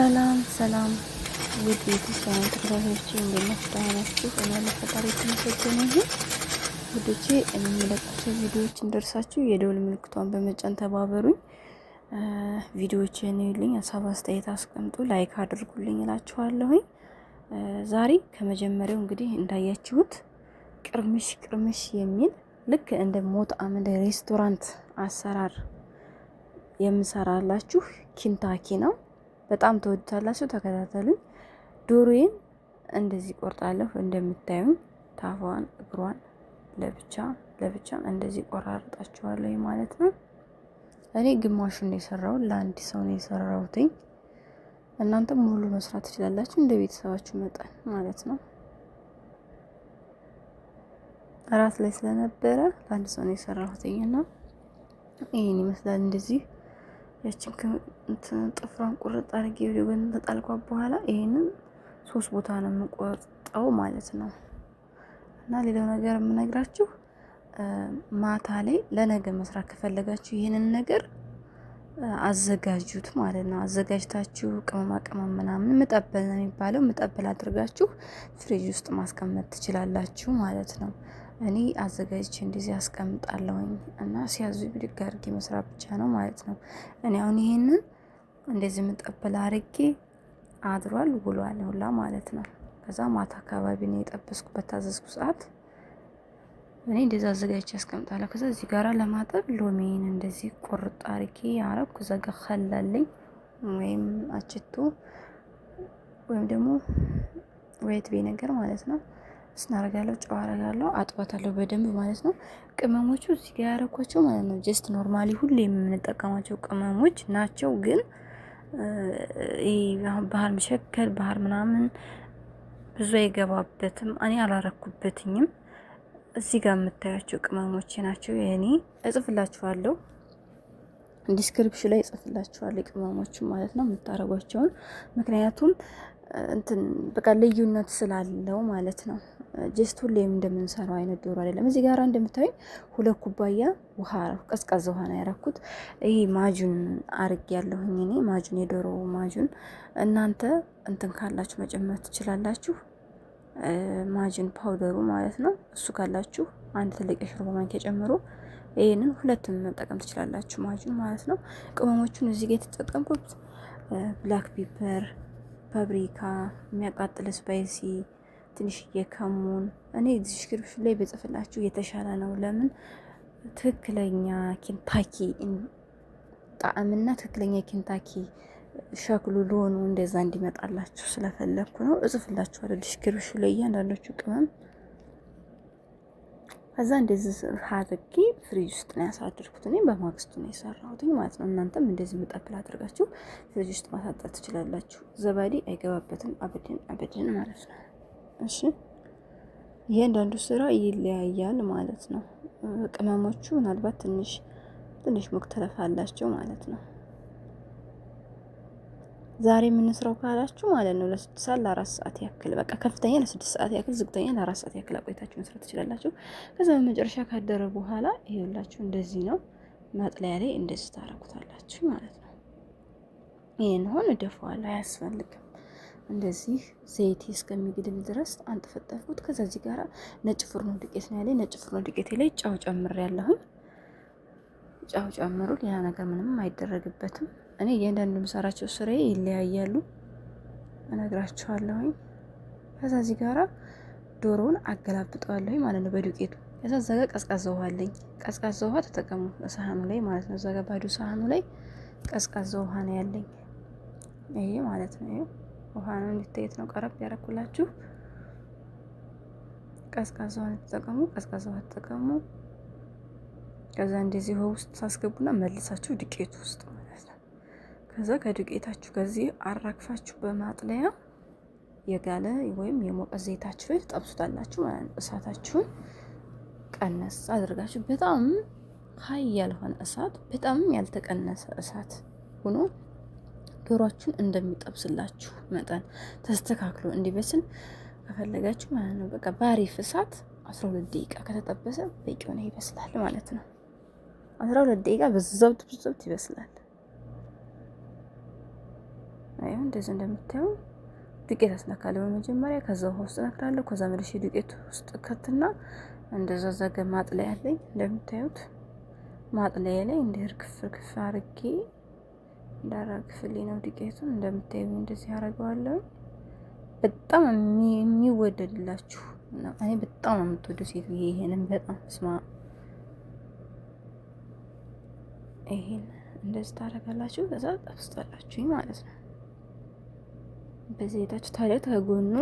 ሰላም ሰላም ውድ ቤተሰብ ተከታታዮች እንደምን ናችሁ? እኔ ለፈጣሪ የተመሰገነ ይሁን። ውዶቼ የሚለቁትን ቪዲዮዎች እንደርሳችሁ የደውል ምልክቷን በመጫን ተባበሩኝ። ቪዲዮዎችን ይልኝ ሀሳብ አስተያየት አስቀምጡ፣ ላይክ አድርጉልኝ እላችኋለሁኝ። ዛሬ ከመጀመሪያው እንግዲህ እንዳያችሁት ቅርምሽ ቅርምሽ የሚል ልክ እንደ ሞት አመደ ሬስቶራንት አሰራር የምሰራላችሁ ኪንታኪ ነው። በጣም ተወድታላችሁ ተከታተሉኝ። ዶሮዬን እንደዚህ ቆርጣለሁ። እንደምታዩኝ ታፏን፣ እግሯን ለብቻ ለብቻ እንደዚህ ቆራርጣችኋለሁ ማለት ነው። እኔ ግማሹን ነው የሰራው ለአንድ ሰው ነው የሰራሁትኝ። እናንተም ሙሉ መስራት ትችላላችሁ እንደ ቤተሰባችሁ መጠን ማለት ነው። እራት ላይ ስለነበረ ለአንድ ሰው ነው የሰራሁትኝ እና ይህን ይመስላል እንደዚህ ያችን ጥፍሯን ቁርጥ አድርጌ ወደ ጎን ተጣልኳት። በኋላ ይሄንን ሶስት ቦታ ነው የምቆርጠው ማለት ነው። እና ሌላው ነገር የምነግራችሁ ማታ ላይ ለነገ መስራት ከፈለጋችሁ ይህንን ነገር አዘጋጁት ማለት ነው። አዘጋጅታችሁ ቅመማ ቅመም ምናምን ምጠበል ነው የሚባለው ምጠበል አድርጋችሁ ፍሪጅ ውስጥ ማስቀመጥ ትችላላችሁ ማለት ነው። እኔ አዘጋጅቼ እንደዚህ አስቀምጣለሁኝ እና ሲያዙ ብድግ አድርጌ መስራት ብቻ ነው ማለት ነው። እኔ አሁን ይሄንን እንደዚህ ምጠበል አድርጌ አድሯል ውሏል ሁላ ማለት ነው። ከዛ ማታ አካባቢ ነው የጠበስኩ በታዘዝኩ ሰዓት እኔ እንደዛ አዘጋጅቼ አስቀምጣለሁ። ከዛ እዚህ ጋራ ለማጠብ ሎሚን እንደዚህ ቁርጥ አድርጌ አረኩ። ከዛ ጋር ከላለኝ ወይም አችቶ ወይም ደግሞ ወይት ቤ ነገር ማለት ነው ስናረጋለሁ ጨው አረጋለሁ አጥባታለሁ በደንብ ማለት ነው። ቅመሞቹ እዚህ ጋር ያረኳቸው ማለት ነው። ጀስት ኖርማሊ ሁሌ የምንጠቀማቸው ቅመሞች ናቸው። ግን ባህር መሸከል ባህር ምናምን ብዙ አይገባበትም። እኔ አላረኩበትኝም። እዚህ ጋር የምታያቸው ቅመሞች ናቸው። የእኔ እጽፍላችኋለሁ ዲስክሪፕሽን ላይ እጽፍላችኋለሁ ቅመሞችን ማለት ነው የምታረጓቸውን ምክንያቱም እንትን በቃ ልዩነት ስላለው ማለት ነው። ጀስት ሁሌም እንደምንሰራው አይነት ዶሮ አይደለም። እዚህ ጋር እንደምታዩኝ ሁለት ኩባያ ውሃ ቀዝቀዝ ውሃ ነው ያረኩት። ይሄ ማጁን አርግ ያለሁኝ እኔ ማጁን የዶሮ ማጁን እናንተ እንትን ካላችሁ መጨመር ትችላላችሁ። ማጅን ፓውደሩ ማለት ነው። እሱ ካላችሁ አንድ ትልቅ የሾርባ ማንኪያ ጨምሩ ይህንን ሁለትም መጠቀም ትችላላችሁ። ማጁን ማለት ነው። ቅመሞቹን እዚህ ጋር የተጠቀምኩት ብላክ ፒፐር ፓብሪካ የሚያቃጥል ስፓይሲ ትንሽዬ ከሙን እኔ ዲስክሪፕሽን ላይ በጽፍላችሁ የተሻለ ነው። ለምን ትክክለኛ ኬንታኪ ጣዕምና ትክክለኛ ኬንታኪ ሸክሉ ለሆኑ እንደዛ እንዲመጣላችሁ ስለፈለግኩ ነው። እጽፍላችኋለሁ ዲስክሪፕሽን ላይ እያንዳንዶቹ ቅመም ከዛ እንደዚህ አድርጌ ፍሪጅ ውስጥ ነው ያሳደርኩት። እኔ በማግስቱ ነው የሰራሁት ማለት ነው። እናንተም እንደዚህ መጠቅል አድርጋችሁ ፍሪጅ ውስጥ ማሳጣት ትችላላችሁ። ዘባዲ አይገባበትም። አብድን አብድን ማለት ነው። እሺ እያንዳንዱ ስራ ይለያያል ማለት ነው። ቅመሞቹ ምናልባት ትንሽ ትንሽ ሙክተለፍ አላቸው ማለት ነው። ዛሬ የምንስራው ካላችሁ ማለት ነው ለስድስት ሰዓት ለአራት ሰዓት ያክል በቃ ከፍተኛ ለስድስት ሰዓት ያክል ዝቅተኛ ለአራት ሰዓት ያክል አቆይታችሁ መስራት ትችላላችሁ። ከዛ በመጨረሻ ካደረ በኋላ ይኸውላችሁ እንደዚህ ነው መጥለያ ላይ እንደዚህ ታረጉታላችሁ ማለት ነው። ይህን ሆን እደፈዋለሁ አያስፈልግም። እንደዚህ ዘይት እስከሚግድል ድረስ አንጠፈጠፍኩት። ከዛ እዚህ ጋር ነጭ ፍርኖ ዱቄት ነው ያለኝ። ነጭ ፍርኖ ዱቄቴ ላይ ጫው ጨምሬያለሁኝ። ጫው ጨምሩ። ሌላ ነገር ምንም አይደረግበትም። እኔ እያንዳንዱ የምሰራቸው ስራዬ ይለያያሉ እነግራችኋለሁኝ። ከዛ እዚህ ጋራ ዶሮውን አገላብጠዋለሁኝ ማለት ነው በዱቄቱ። ከዛ እዛ ጋር ቀዝቃዛ ውሃ አለኝ። ቀዝቃዛ ውሃ ተጠቀሙ ሳህኑ ላይ ማለት ነው። እዛ ጋር ባዶ ሳህኑ ላይ ቀዝቃዛ ውሃ ነው ያለኝ። ይሄ ማለት ነው ውሃ ነው እንዲታየት ነው ቀረብ ያረኩላችሁ። ቀዝቃዛ ውሃ ተጠቀሙ፣ ቀዝቃዛ ውሃ ተጠቀሙ። ከዛ እንደዚህ ውሃ ውስጥ ሳስገቡና መልሳችሁ ዱቄቱ ውስጥ ከዛ ከዱቄታችሁ ከዚህ አራግፋችሁ በማጥለያ የጋለ ወይም የሞቀ ዘይታችሁን ጠብሱታላችሁ ማለት ነው። እሳታችሁን ቀነስ አድርጋችሁ በጣም ሀይ ያልሆነ እሳት፣ በጣም ያልተቀነሰ እሳት ሆኖ ዶሯችሁን እንደሚጠብስላችሁ መጠን ተስተካክሎ እንዲበስል ከፈለጋችሁ ማለት ነው። በቃ ባሪፍ እሳት ሁለት ደቂቃ ከተጠበሰ በቂ ሆነ ይበስላል ማለት ነው። ሁለት ደቂቃ በዛው ጥብጥብት ይበስላል። ይሁን እንደዚህ እንደምታዩ ዱቄት አስነካለሁ በመጀመሪያ ከዛ ውሃ ውስጥ ነክራለሁ። ከዛ መልሼ ዱቄት ውስጥ ከትና እንደዛ ዘገ ማጥለያ ያለኝ እንደምታዩት ማጥለያ ላይ እንደ እርግፍ እርግፍ አርጌ እንዳራግፍልኝ ነው ዱቄቱን እንደምታዩ እንደዚህ አረገዋለሁ። በጣም የሚወደድላችሁ እኔ በጣም ነው የምትወዱ ሴት ይሄንን በጣም ስማ ይሄን እንደዚህ ታደርጋላችሁ ከዛ ጠፍስታላችሁኝ ማለት ነው። በዘይታችሁ ታዲያ ከጎኑ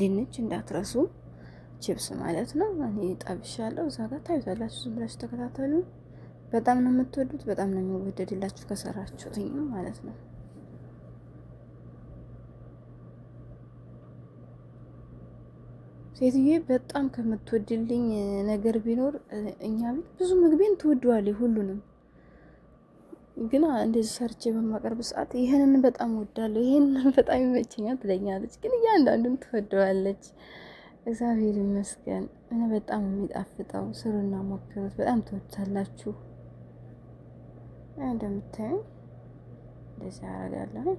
ድንች እንዳትረሱ ቺፕስ ማለት ነው። እኔ ጠብሻለሁ። እዛ ጋር ታዩታላችሁ። ዝም ብላችሁ ተከታተሉ። በጣም ነው የምትወዱት፣ በጣም ነው የሚወደድላችሁ ከሰራችሁት ማለት ነው። ሴትዬ በጣም ከምትወድልኝ ነገር ቢኖር እኛ ቤት ብዙ ምግቤን ትወደዋለች ሁሉንም ግን እንደዚህ ሰርቼ በማቀርብ ሰዓት ይህንን በጣም ወዳለሁ፣ ይህንን በጣም ይመቸኛል ትለኛለች። ግን እያንዳንዱን ትወደዋለች። እግዚአብሔር ይመስገን። እኔ በጣም የሚጣፍጠው ስሩና ሞክሩት፣ በጣም ትወዱታላችሁ። እንደምታዩ እንደዚህ አደርጋለሁ።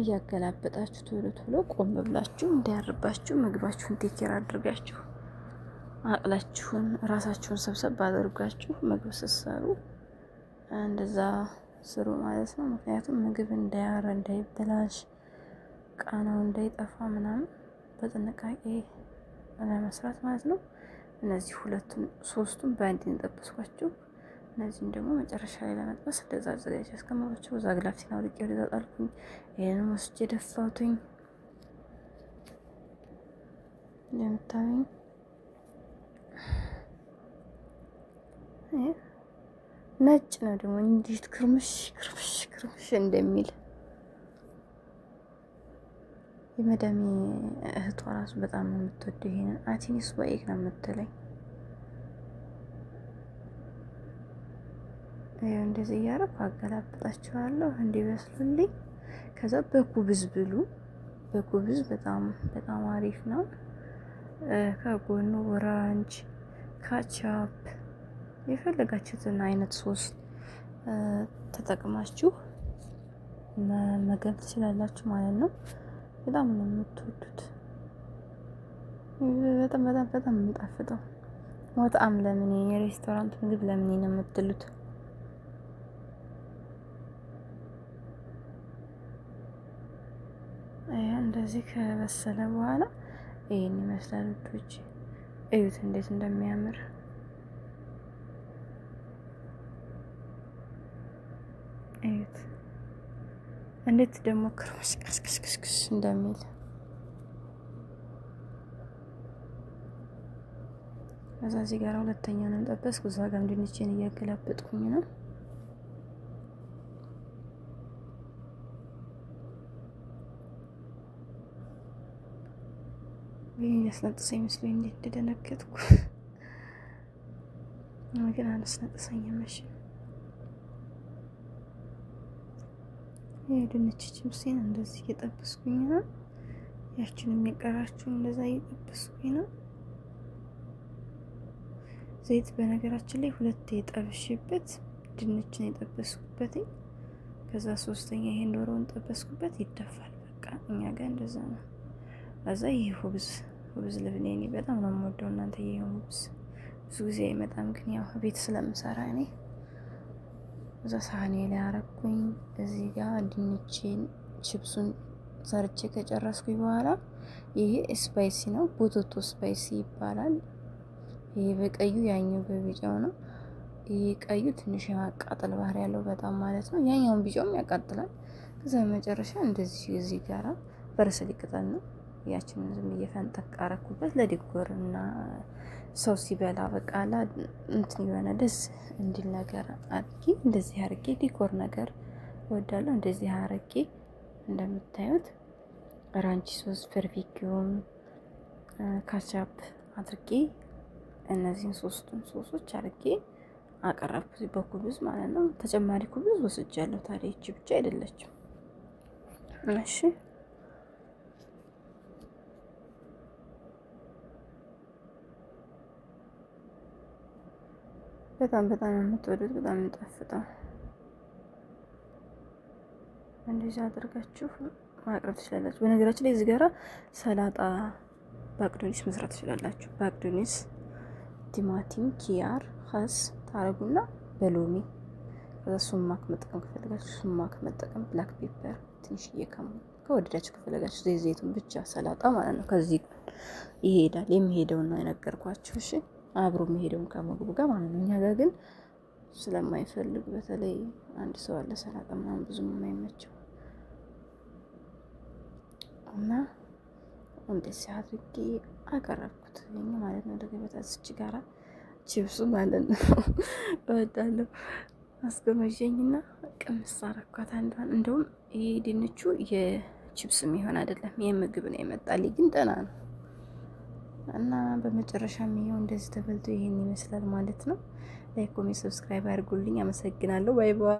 እያገላበጣችሁ ቶሎ ቶሎ ቆም ብላችሁ እንዳያርባችሁ ምግባችሁን ቴኬር አድርጋችሁ አቅላችሁን ራሳችሁን ሰብሰብ አድርጋችሁ ምግብ ስትሰሩ እንደዛ ስሩ ማለት ነው። ምክንያቱም ምግብ እንዳያረ እንዳይበላሽ፣ ቃናው እንዳይጠፋ ምናምን በጥንቃቄ ለመስራት ማለት ነው። እነዚህ ሁለቱን ሶስቱን በአንድ እንጠብሷቸው። እነዚህም ደግሞ መጨረሻ ላይ ለመጥበስ እንደዛ አዘጋጅ ያስቀመጣቸው እዛ ግላፍሲን አውርቄ ወደዛ ጣልኩኝ። ይህንን ወስጄ ደፋቱኝ እንደምታዩኝ ነጭ ነው ደግሞ እንዴት ክርምሽ ክርምሽ ክርምሽ እንደሚል የመዳሜ እህቷ ራሱ በጣም ነው የምትወደው። ይሄንን አቲኒስ ባይክ ነው የምትለኝ። እንደዚህ እያረኩ አገላብጣችኋለሁ እንዲበስሉልኝ። ከዛ በኩብዝ ብሉ። በኩብዝ በጣም በጣም አሪፍ ነው። ከጎኑ ወራንጅ ካቻፕ የፈለጋችሁትን አይነት ሶስ ተጠቅማችሁ መመገብ ትችላላችሁ ማለት ነው። በጣም ነው የምትወዱት። በጣም በጣም በጣም የሚጣፍጠው ወጣም ለምን የሬስቶራንት ምግብ ለምን ነው የምትሉት? እንደዚህ ከበሰለ በኋላ ይህን ይመስላል። ልጆች እዩት እንዴት እንደሚያምር እዩት እንዴት ደግሞ ክርሙሽ ቅስቅስቅስቅስ እንደሚል ከዛ እዚህ ጋር ሁለተኛ ነው ጠበስኩ። እዛ ጋር ድንቼን እያገላበጥኩኝ ነው። ይህ የሚያስነጥሰኝ መስሎኝ እንዴት እንደደነገጥኩ ግን አላስነጥሰኝም። እሺ የድንች ችብሴን እንደዚህ እየጠበስኩኝ ነው። ያችን የሚቀራችሁን እንደዛ እየጠበስኩኝ ነው። ዘይት በነገራችን ላይ ሁለት የጠብሽበት ድንችን የጠበስኩበትኝ ከዛ ሶስተኛ ይሄን ዶሮውን ጠበስኩበት ይደፋል። በቃ እኛ ጋር እንደዛ ነው። ከዛ ይህ ሁብዝ ሁብዝ ልብኔ በጣም ነው የምወደው። እናንተ ይህ ሁብዝ ብዙ ጊዜ አይመጣም፣ ግን ያው ቤት ስለምሰራ እኔ እዛ ሳህኔ ላይ አረኩኝ። እዚህ ጋር ድንችን ችብሱን ሰርቼ ከጨረስኩኝ በኋላ ይሄ ስፓይሲ ነው፣ ቦቶቶ ስፓይሲ ይባላል። ይሄ በቀዩ ያኛው በቢጫው ነው። ይሄ ቀዩ ትንሽ የማቃጠል ባህሪ ያለው በጣም ማለት ነው። ያኛውን ቢጫውም ያቃጥላል። ከዛ በመጨረሻ እንደዚህ እዚህ ጋራ በርሰ ሊቅጠል ነው ያችንን ዝም እየፈንጠቅ አረኩበት ለዲኮር እና ሰው ሲበላ በቃላ እንትን የሆነ ደስ እንዲል ነገር አድርጌ እንደዚህ አርጌ ዲኮር ነገር እወዳለሁ። እንደዚህ አርጌ እንደምታዩት ራንቺ ሶስ፣ በርቢኪውም ካቻፕ አድርጌ እነዚህን ሶስቱን ሶሶች አርጌ አቀረብኩ በኩብዝ ማለት ነው። ተጨማሪ ኩብዝ ወስጃለሁ። ታዲያ ይቺ ብቻ አይደለችም። እሺ በጣም በጣም የምትወዱት በጣም የሚጣፍጠው እንደዚህ አድርጋችሁ ማቅረብ ትችላላችሁ። በነገራችን ላይ እዚህ ጋራ ሰላጣ ባቅዶኒስ መስራት ትችላላችሁ። ባቅዶኒስ፣ ቲማቲም፣ ኪያር ኸስ ታረጉና በሎሚ ከዛ ሱማክ መጠቀም ከፈለጋችሁ ሱማክ መጠቀም፣ ብላክ ፔፐር እየከሙ ከወደዳችሁ ከፈለጋችሁ ዘይት ዘይቱን ብቻ ሰላጣ ማለት ነው። ከዚህ ይሄዳል የሚሄደውን ነው የነገርኳችሁ። እሺ አብሮ የሚሄደውን ከምግቡ ጋር ማለት ነው። እኛ ጋር ግን ስለማይፈልግ በተለይ አንድ ሰው አለ ሰላጣ ምናምን ብዙም የማይመቸው እና እንደዚህ አድርጌ አቀረብኩት ይሄን ማለት ነው። ለገበታ ስች ጋራ ቺፕሱ ማለት ነው እወዳለሁ። አስጎመጀኝና ቅምስ አረኳት አንዷን። እንደውም ይሄ ድንቹ የቺፕስም ይሆን አይደለም የምግብ ነው የመጣልኝ፣ ግን ደህና ነው። እና በመጨረሻ ይሄው እንደዚህ ተበልቶ ይሄን ይመስላል ማለት ነው። ላይክ፣ ኮሜንት፣ ሰብስክራይብ አድርጉልኝ። አመሰግናለሁ። ባይ ባይ።